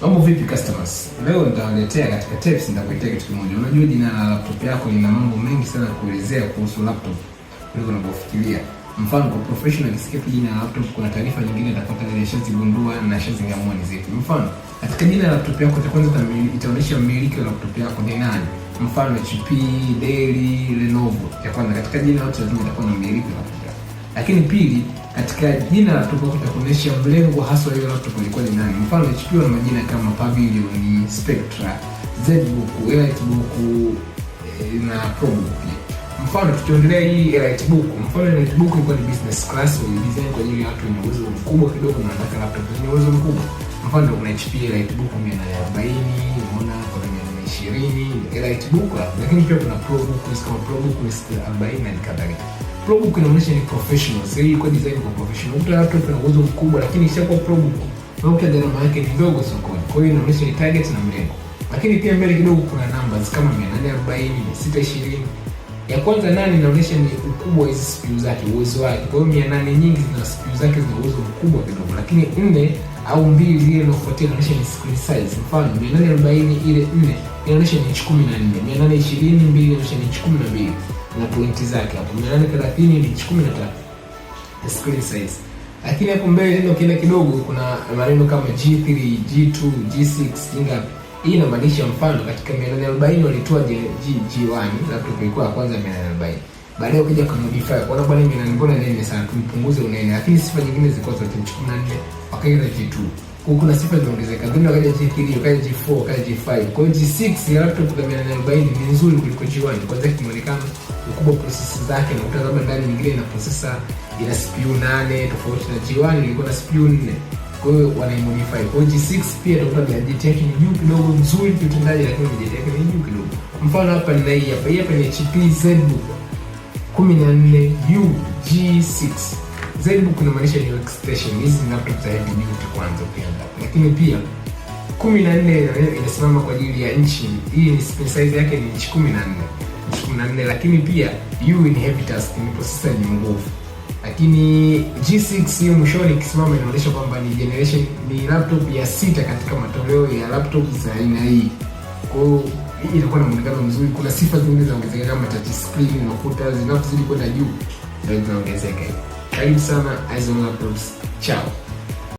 Mambo vipi customers? Leo nitawaletea katika tips nitakuletea kitu kimoja. Unajua jina la laptop yako lina mambo mengi sana kuelezea kuhusu laptop kuliko unavyofikiria. Mfano kwa professional kisikia jina la laptop kuna taarifa nyingine atapata ile shati gundua na shati ya mwani zipi. Mfano, katika jina la laptop yako cha kwanza itaonyesha mmiliki wa laptop yako ni nani. Mfano HP, Dell, Lenovo. Ya kwanza katika jina lote lazima itakuwa na mmiliki wa laptop. Lakini pili, katika jina la laptop itakuonyesha mlengo hasa hiyo laptop ilikuwa ni nani. Mfano HP na majina kama Pavilion, Spectra, ZBook, EliteBook eh, na ProBook. Mfano tukiongelea hii EliteBook, mfano EliteBook ilikuwa ni business class au design kwa ajili ya watu wenye uwezo mkubwa kidogo na nataka laptop yenye uwezo mkubwa. Mfano kuna HP EliteBook 140, unaona kuna 120, EliteBook, lakini pia kuna ProBook kama ProBook 40 na kadhalika pro inaonyesha ni professional. Sasa hii kwa design kwa professional, mtu hata kuna uwezo mkubwa, lakini sio kwa pro book unakuta gharama yake ni ndogo sokoni. Kwa hiyo inaonyesha ni target na mlengo, lakini pia mbele kidogo kuna numbers kama 840 620 ya kwanza nani inaonyesha ni ukubwa wa hizi CPU zake, uwezo wake. Kwa hiyo 800 nyingi zina CPU zake zina uwezo mkubwa kidogo, lakini nne au mbili zile inaofuatia inaonyesha ni screen size. Mfano 840 ile 4 inaonyesha ni inchi kumi na mbili inaonyesha ni inchi kumi na pointi zake hapo. Mnane 30 ni inchi 13 screen size. Lakini hapo mbele neno kile kidogo kuna maneno kama G3, G2, G6 inga Hii inamaanisha mfano katika Millennium 40 walitoa G, G1 laptop ilikuwa ya kwanza Millennium 40. Baadaye ukija kwa modify kwa sababu mimi mbona nene sana tumpunguze unene, lakini sifa nyingine zilikuwa zote 14 wakaenda G2 huko na sifa zinaongezeka, then wakaja G3, wakaja G4, wakaja G5. Kwa hiyo G6 ya laptop ya 840 ni nzuri kuliko G1, kwanza kimeonekana ukubwa processor zake, na utazama ndani nyingine ina processor ina CPU 8 tofauti na G1 ilikuwa na CPU 4. Kwa hiyo wanaimodify. Kwa G6 pia ndio kwamba JT yake ni juu kidogo, nzuri kiutendaji, lakini JT yake ni juu kidogo. Mfano hapa nina hii hapa, hii hapa ni HP ZBook 14 UG6 Zbook inamaanisha ni workstation, hizi laptop za hivi duty kwanza ukianza. Lakini pia 14 inasimama kwa ajili ya inchi. Hii ni size yake ni inchi 14. Inchi 14 lakini pia U ni heavy task, ni processor ni nguvu. Lakini G6 hiyo mwishoni ikisimama inaonyesha kwamba ni generation ni laptop ya sita katika matoleo ya laptop za aina hii. Kwa hiyo hii inakuwa na mwonekano mzuri. Kuna sifa zingine zinaongezeka kama touch screen, unakuta zinazozidi kwenda juu ndio zinaongezeka. Elixana Aizona Plus. Tchau!